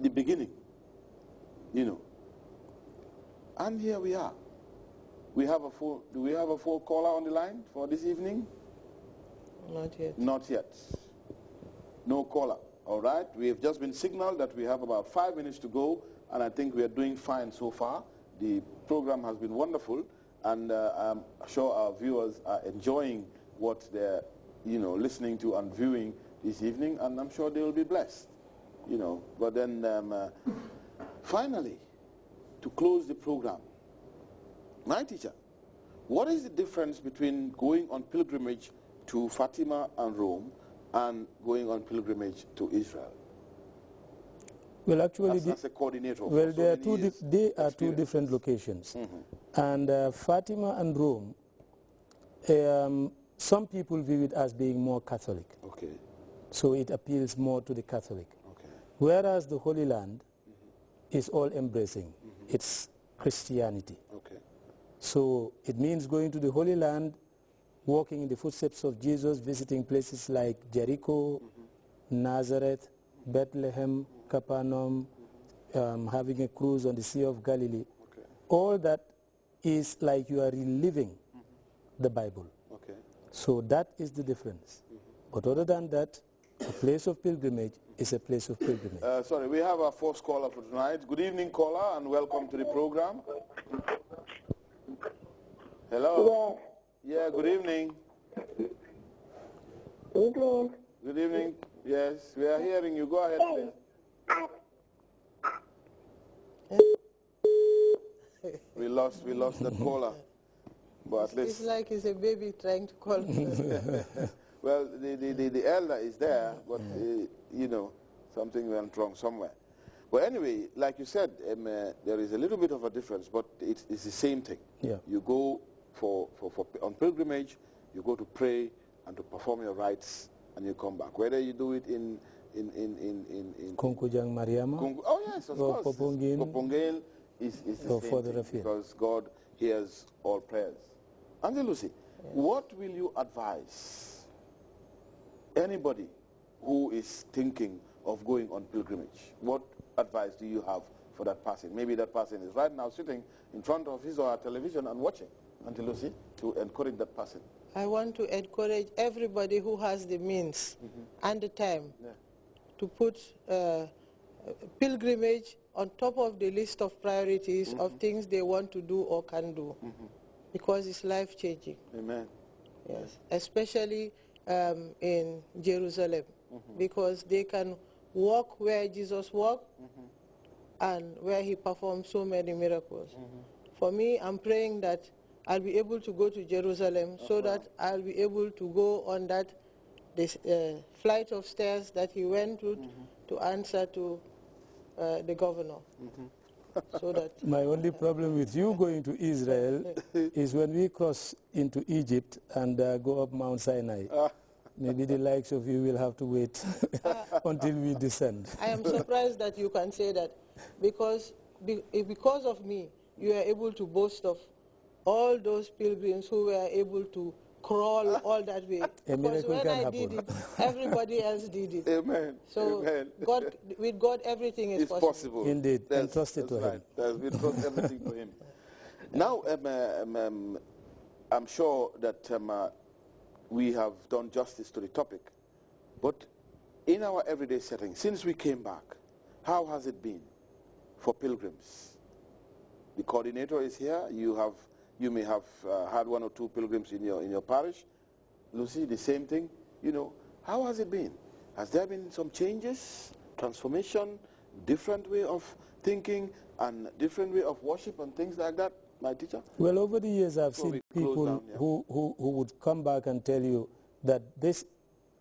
the beginning, you know. And here we are. We have a full, do we have a full caller on the line for this evening? Not yet. Not yet. No caller. All right. We have just been signaled that we have about five minutes to go, and I think we are doing fine so far. The program has been wonderful, and uh, I'm sure our viewers are enjoying what they're, you know, listening to and viewing this evening, and I'm sure they will be blessed you know, but then um, uh, finally, to close the program, my teacher, what is the difference between going on pilgrimage to Fatima and Rome and going on pilgrimage to Israel? Well, actually, as, as Well, so there are two. They are two different locations, mm -hmm. and uh, Fatima and Rome. Um, some people view it as being more Catholic. Okay. So it appeals more to the Catholic. Whereas the Holy Land is all embracing. It's Christianity. Okay. So it means going to the Holy Land, walking in the footsteps of Jesus, visiting places like Jericho, Nazareth, Bethlehem, Capernaum, um, having a cruise on the Sea of Galilee. Okay. All that is like you are reliving mm -hmm. the Bible. Okay. So that is the difference. Mm -hmm. But other than that, a place of pilgrimage is a place of pilgrimage. Uh, sorry, we have our first caller for tonight. Good evening, caller, and welcome to the program. Hello. Yes. Yeah, good evening. Good evening. Good evening. Yes, we are hearing you. Go ahead, please. we lost, we lost the caller. But at least it's like it's a baby trying to call. Well, the, the, the, the elder is there, mm. but, uh, you know, something went wrong somewhere. But anyway, like you said, um, uh, there is a little bit of a difference, but it's, it's the same thing. Yeah. You go for, for, for, on pilgrimage, you go to pray and to perform your rites, and you come back. Whether you do it in in in in in, in Kunkujang Mariama. oh yes, of or course. Popongin, Popongin is, is the same thing because God hears all prayers. Angel Lucy, what will you advise anybody who is thinking of going on pilgrimage, what advice do you have for that person? Maybe that person is right now sitting in front of his or her television and watching. Auntie Lucy, to encourage that person. I want to encourage everybody who has the means mm -hmm. and the time yeah. to put uh, pilgrimage on top of the list of priorities mm -hmm. of mm-hmm. things they want to do or can do. Mm -hmm. Because it's life-changing. Amen. yes. Especially um, in Jerusalem mm -hmm. because they can walk where Jesus walked mm -hmm. and where he performed so many miracles. Mm -hmm. For me, I'm praying that I'll be able to go to Jerusalem so uh-huh. that I'll be able to go on that this, uh, flight of stairs that he went to mm-hmm. to answer to uh, the governor. Mm-hmm. so that My only problem with you going to Israel is when we cross into Egypt and uh, go up Mount Sinai. Ah. Maybe the likes of you will have to wait until we descend. I am surprised that you can say that because, be, because of me, you are able to boast of all those pilgrims who were able to crawl all that way. A because when I happen. did it, everybody else did it. Amen. So Amen. God, with God, everything is possible. possible. Indeed. That's, and trust it to right. Him. That's, we trust everything to Him. Now, um, um, um, I'm sure that um, uh, we have done justice to the topic. But in our everyday setting, since we came back, how has it been for pilgrims? The coordinator is here. You have you may have uh, had one or two pilgrims in your, in your parish. Lucy, the same thing. You know, how has it been? Has there been some changes, transformation, different way of thinking, and different way of worship and things like that, my teacher? Well, over the years, I've seen people down, yeah. who, who, who would come back and tell you that this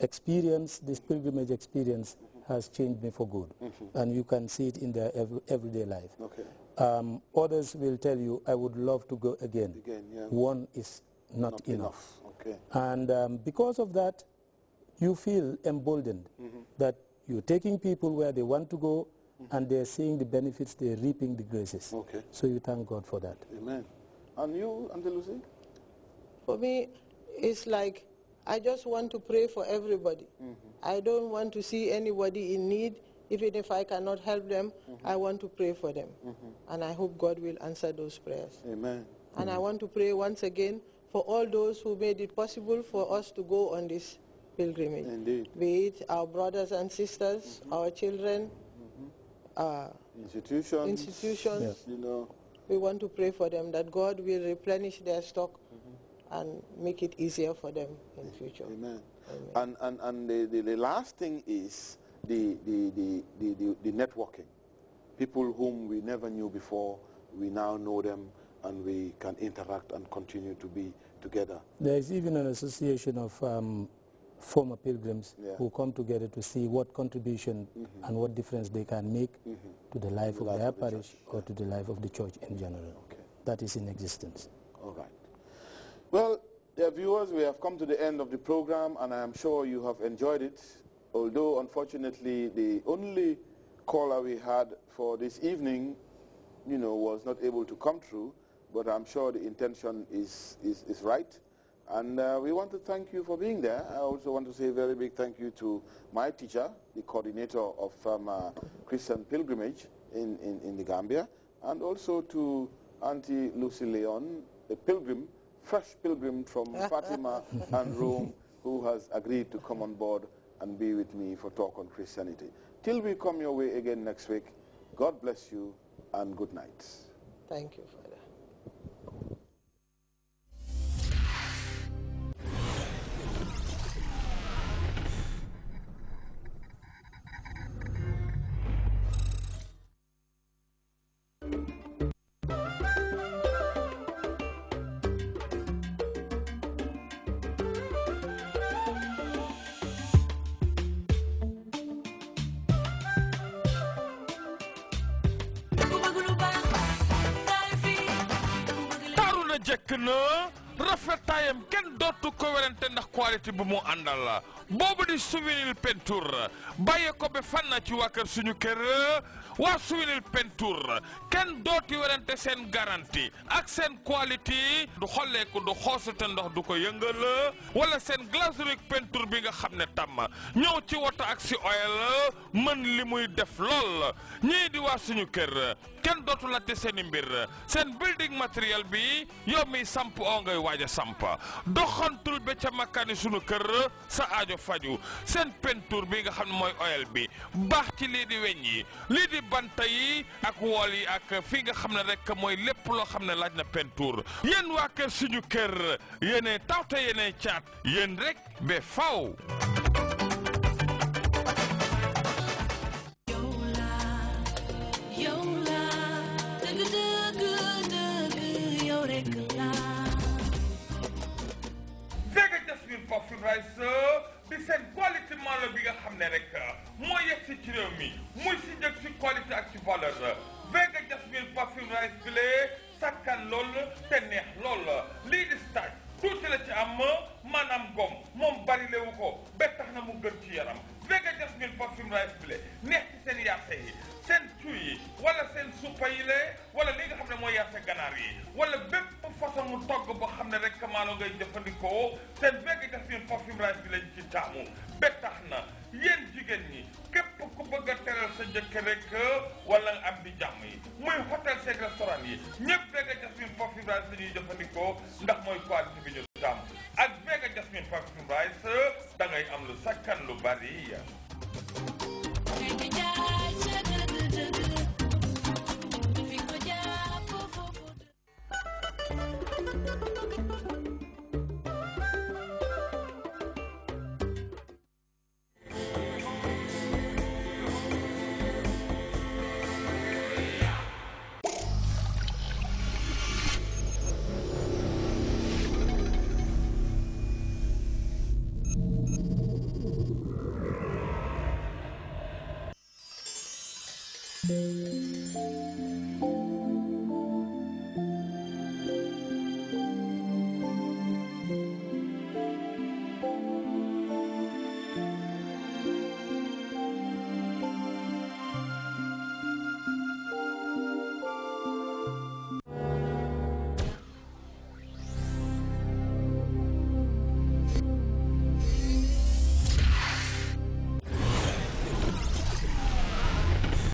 experience, this pilgrimage experience, mm-hmm. has changed me for good. Mm -hmm. And you can see it in their everyday life. Okay. Um, others will tell you, I would love to go again. again yeah. One is not, not enough. enough. Okay. And um, because of that, you feel emboldened mm -hmm. that you're taking people where they want to go mm -hmm. and they're seeing the benefits, they're reaping the graces. Okay. So you thank God for that. Amen. And you, Andalusi? For me, it's like I just want to pray for everybody. Mm -hmm. I don't want to see anybody in need. Even if I cannot help them, mm -hmm. I want to pray for them. Mm -hmm. And I hope God will answer those prayers. Amen. And I mm-hmm. want to pray once again for all those who made it possible for us to go on this pilgrimage. Indeed. Be it our brothers and sisters, mm-hmm. our children, mm-hmm. uh, institutions, institutions yes. you know. We want to pray for them that God will replenish their stock and make it easier for them in the future. Amen. Amen. And, and, and the, the, the, last thing is the, the, the, the, the, networking. People whom we never knew before, we now know them and we can interact and continue to be together. There is even an association of um, former pilgrims yeah. who come together to see what contribution mm -hmm. and what difference they can make mm -hmm. to the life the of life their of the parish church. or yeah. to the life of the church in general. Okay. That is in existence. All right. Well, dear viewers, we have come to the end of the program and I am sure you have enjoyed it although unfortunately the only caller we had for this evening, you know, was not able to come through, but I'm sure the intention is, is, is right. And uh, we want to thank you for being there. I also want to say a very big thank you to my teacher, the coordinator of um, uh, Christian Pilgrimage in, in, in the Gambia, and also to Auntie Lucy Leon, a pilgrim, fresh pilgrim from Fatima and Rome, who has agreed to come on board and be with me for Talk on Christianity. Till we come your way again next week, God bless you and good night. Thank you, Father. jekk na rafetaayam kenn dootu ko werante ndax qualité bu mu àndal la boobu di Souvenir Peinture bàyyi ko fan fanna ci waa kër suñu kër waa Souvenir Peinture kenn dooti werante seen garantie ak seen qualité du xolleeku du xoosute ndox du ko yëngal wala seen glasurique peinture bi nga xam ne tàmm ñëw ci woto ak si oil mën li muy def lool ñii di waa suñu kër kenn dootu laajte seen i mbir seen building matériel bi yow miy samp oo ngay waaj a samp doxantul ba ca makkaani suñu kër sa aajo faju seen pentur bi nga xam ne mooy oil bi baax ci lii di weñ yi lii di banta yi ak wool yi ak fi nga xam ne rek mooy lépp loo xam ne laaj na pentur yéen waa kër suñu kër yéenee tawte yéenee caat yéen rek ba faw Vegas just been si seen qualité maanaam bi nga xam ne rek euh, moo yegg si ci réew mi muy si njëkk si qualité ak si valeur Vega Jasmine parfum rice bile sakkan lool te neex lool lii di stage tuuti la ci am maanaam gom moom bari lewu ko ba tax na mu gën ci yaram Vega Jasmine parfum rice bile neex ci seen yaase yi seen cuy yi wala seen suppa yi le wala li nga xam ne mooy yaase ganaar façon togg boo xam na ne rek maanaam ngay jëfandikoo seen végétation perfume rice bi lañ ci taamu ba tax na yéen jigéen ñi képp ku bëgg a teral sa jëkkër rek wala am di jàmm yi muy hôtel seeg restaurant yi ñëpp végétation perfume rice la ñuy jëfandikoo ndax mooy qualité bi ñu taamu ak végétation perfume rice da ngay am lu sakkan lu bari Thank you.